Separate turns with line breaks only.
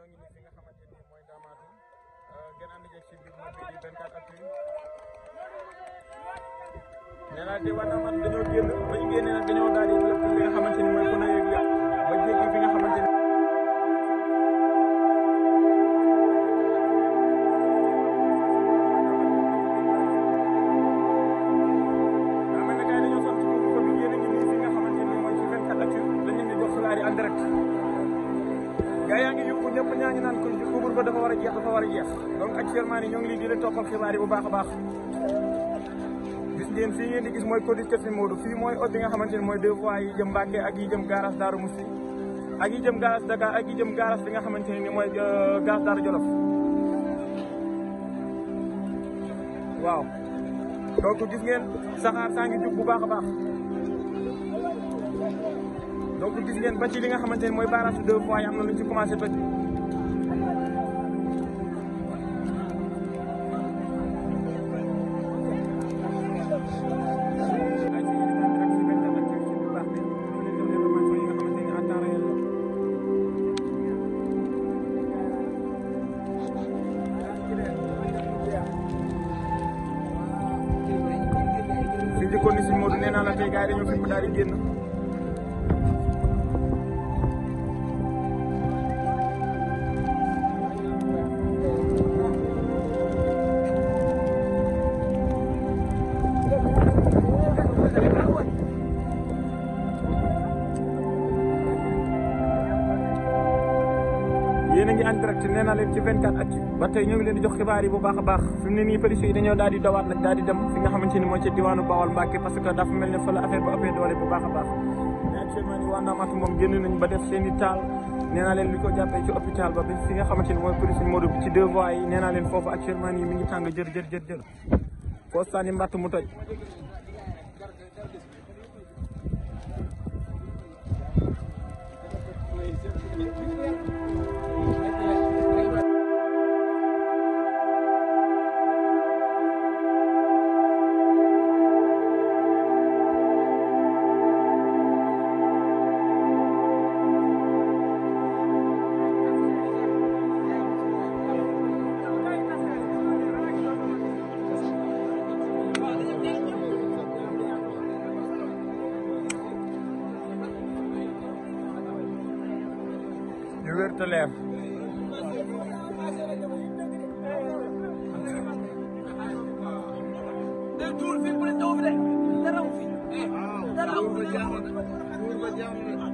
ñoo ngi nii fi nga xamante ni mooy Ndamatou ngeen ànd jeeg si biir moom bii di 24 actu nee naa di wane man dañoo génn ba ñu génnee nag dañoo daal di lépp li nga xamante ni mooy ku nekk yëpp ba jéggi fi nga xamante ni. en direct gaa yaa ngi yuuxu ñëpp ñaa ngi ko couvre-feu dafa war a jeex dafa war a jeex donc actuellement nii ñoo ngi lii la toppal xibaar bu baax baax gis ngeen si ngeen gis mooy côté Kër Modou fii mooy ot bi nga xamante ne mooy deux voies yi jëm Mbacke ak yi jëm garage Darou Moussi ak yi jëm garage Dakar ak yi jëm garage bi nga xamante ne ni mooy euh, garage Darou Jolof waaw donc gis ngeen saxaar saa ngi jug bu baax a baax bi gis ngeen ba ci li nga xamante ne mooy barrage deux fois yi am na lu ci commencé toj. jëkkoon ni suñ Modou nee naa la tey gars yi dañoo fi mu daal di génn yéen a ngi en direct nee naa leen ci 24 actu ba tey ñoo di jox xibaar yi bu baax a baax fi mu ne nii police yi dañoo daal di nag daal dem fi nga xamante mooy ci diwaanu Bawol Mbàkke parce que dafa mel ne fa la ba ëppee doole bu baax a baax ni waa moom génn nañ ba def seen i taal nee naa leen li ko jàppee ci hôpital ba ba fi nga xamante ni mooy police Modou bi ci deux yi nee leen foofu actuellement nii mi ngi tàng jër jër foo sànni mbàtt mu toj wér te leer dara fi dara fi